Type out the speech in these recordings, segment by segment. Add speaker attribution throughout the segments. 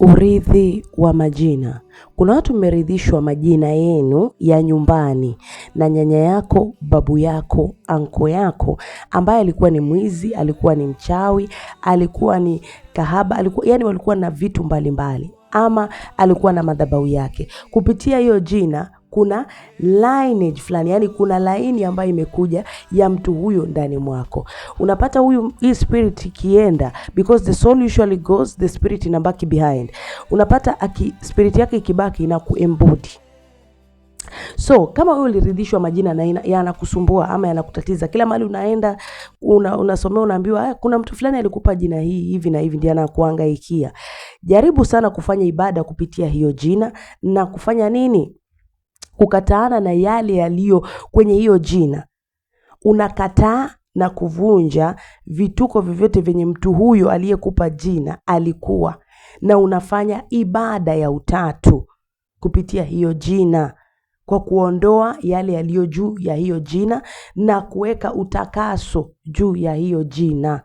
Speaker 1: Urithi wa majina. Kuna watu mmeridhishwa majina yenu ya nyumbani na nyanya yako, babu yako, anko yako ambaye alikuwa ni mwizi, alikuwa ni mchawi, alikuwa ni kahaba, alikuwa, yani walikuwa na vitu mbalimbali mbali ama alikuwa na madhabahu yake. Kupitia hiyo jina kuna lineage fulani, yani kuna laini ambayo imekuja ya mtu huyo ndani mwako. Unapata huyu hii spirit ikienda, because the soul usually goes, the spirit inabaki behind. Unapata aki, spirit yake ikibaki ina kuembody So kama wewe uliridhishwa majina na yanakusumbua ama yanakutatiza, kila mahali unaenda unasomea, unaambiwa ah, kuna mtu fulani alikupa jina hii hivi na hivi, ndiye anakuhangaikia. Jaribu sana kufanya ibada kupitia hiyo jina na kufanya nini, kukataana na yale yaliyo kwenye hiyo jina. Unakataa na kuvunja vituko vyovyote vyenye mtu huyo aliyekupa jina alikuwa, na unafanya ibada ya utatu kupitia hiyo jina kwa kuondoa yale yaliyo juu ya hiyo jina na kuweka utakaso juu ya hiyo jina.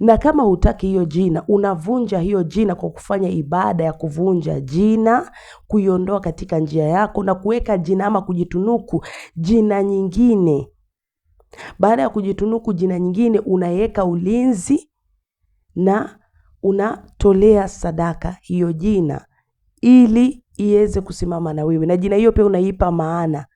Speaker 1: Na kama hutaki hiyo jina, unavunja hiyo jina kwa kufanya ibada ya kuvunja jina, kuiondoa katika njia yako na kuweka jina ama kujitunuku jina nyingine. Baada ya kujitunuku jina nyingine, unaweka ulinzi na unatolea sadaka hiyo jina ili iweze kusimama na wewe, na jina hiyo pia unaipa maana,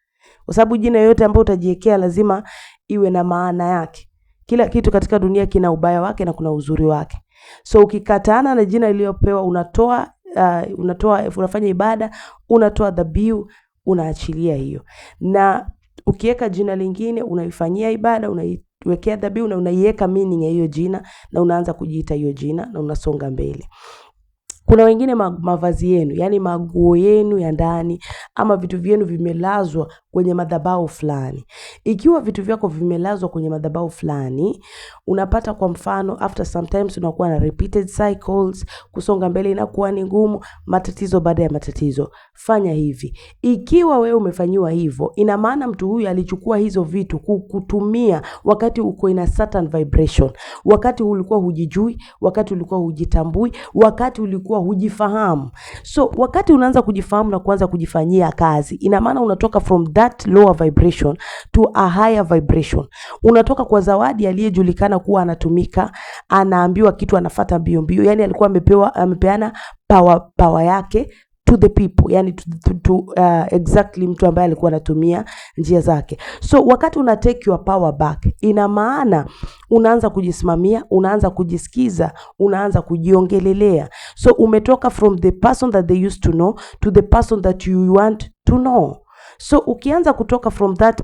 Speaker 1: kwa sababu jina yote ambayo utajiwekea lazima iwe na maana yake. Kila kitu katika dunia kina ubaya wake na kuna uzuri wake. So ukikataana na jina iliyopewa, unatoa uh, unatoa unafanya ibada, unatoa dhabihu, unaachilia hiyo, na ukiweka jina lingine unaifanyia ibada, unaiwekea dhabihu na unaiweka meaning ya hiyo jina, na unaanza kujiita hiyo jina na unasonga mbele. Kuna wengine mavazi yenu, yani maguo yenu ya ndani ama vitu vyenu vimelazwa kwenye madhabahu fulani. Ikiwa vitu vyako vimelazwa kwenye madhabahu fulani, unapata kwa mfano after sometimes unakuwa na repeated cycles, kusonga mbele inakuwa ni ngumu, matatizo baada ya matatizo. Fanya hivi. Ikiwa wewe umefanyiwa hivyo, ina maana mtu huyu alichukua hizo vitu kukutumia wakati uko ina certain vibration, wakati ulikuwa hujijui, wakati ulikuwa hujitambui, wakati ulikuwa kuwa hujifahamu. So wakati unaanza kujifahamu na kuanza kujifanyia kazi, ina maana unatoka from that lower vibration to a higher vibration. Unatoka kwa Zawadi aliyejulikana kuwa anatumika, anaambiwa kitu, anafata mbio mbio, yani alikuwa amepewa amepeana power, pawa yake to the people, yani to, to, to, uh, exactly mtu ambaye alikuwa anatumia njia zake. So wakati una take your power back, ina maana unaanza kujisimamia, unaanza kujisikiza, unaanza kujiongelelea. So umetoka from the person that they used to know to the person that you want to know. So ukianza kutoka from that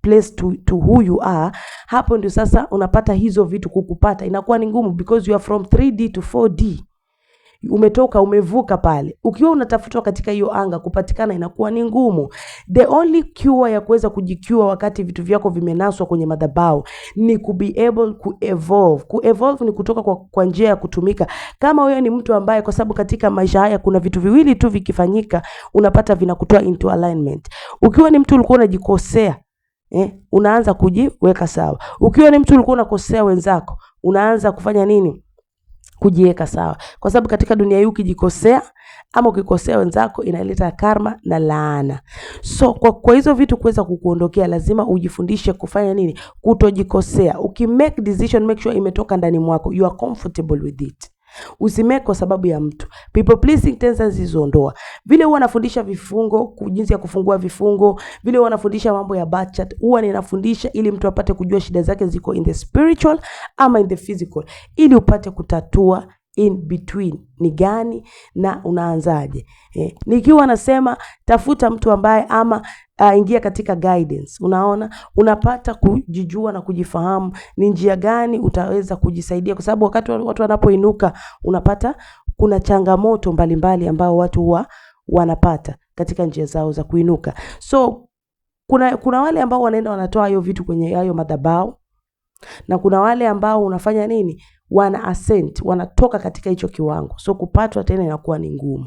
Speaker 1: place to, to who you are, hapo ndio sasa unapata hizo vitu kukupata inakuwa ni ngumu because you are from 3D to 4D umetoka umevuka pale, ukiwa unatafutwa katika hiyo anga, kupatikana inakuwa ni ngumu. The only cure ya kuweza kujikiwa wakati vitu vyako vimenaswa kwenye madhabahu ni ku be able ku evolve. Ku evolve ni kutoka kwa, kwa njia ya kutumika. Kama wewe ni mtu ambaye, kwa sababu katika maisha haya kuna vitu viwili tu vikifanyika, unapata vinakutoa into alignment. Ukiwa ni mtu ulikuwa unajikosea Eh, unaanza kujiweka sawa. Ukiwa ni mtu ulikuwa unakosea wenzako, unaanza kufanya nini? kujiweka sawa, kwa sababu katika dunia hii ukijikosea ama ukikosea wenzako inaleta karma na laana. So kwa, kwa hizo vitu kuweza kukuondokea, lazima ujifundishe kufanya nini? Kutojikosea. Ukimake decision, make sure imetoka ndani mwako, you are comfortable with it. Usimake kwa sababu ya mtu. People pleasing tendencies ziondoa. Vile huwa nafundisha vifungo, jinsi ya kufungua vifungo, vile huwa nafundisha mambo ya birth chart, huwa ninafundisha ili mtu apate kujua shida zake ziko in the spiritual ama in the physical, ili upate kutatua in between ni gani na unaanzaje? Eh, nikiwa nasema tafuta mtu ambaye ama uh, ingia katika guidance. Unaona, unapata kujijua na kujifahamu ni njia gani utaweza kujisaidia, kwa sababu wakati watu wanapoinuka unapata kuna changamoto mbalimbali ambao watu wa, wanapata katika njia zao za kuinuka. So kuna, kuna wale ambao wanaenda wanatoa hiyo vitu kwenye hayo madhabahu na kuna wale ambao unafanya nini wana ascent, wanatoka katika hicho kiwango, so kupatwa tena inakuwa ni ngumu.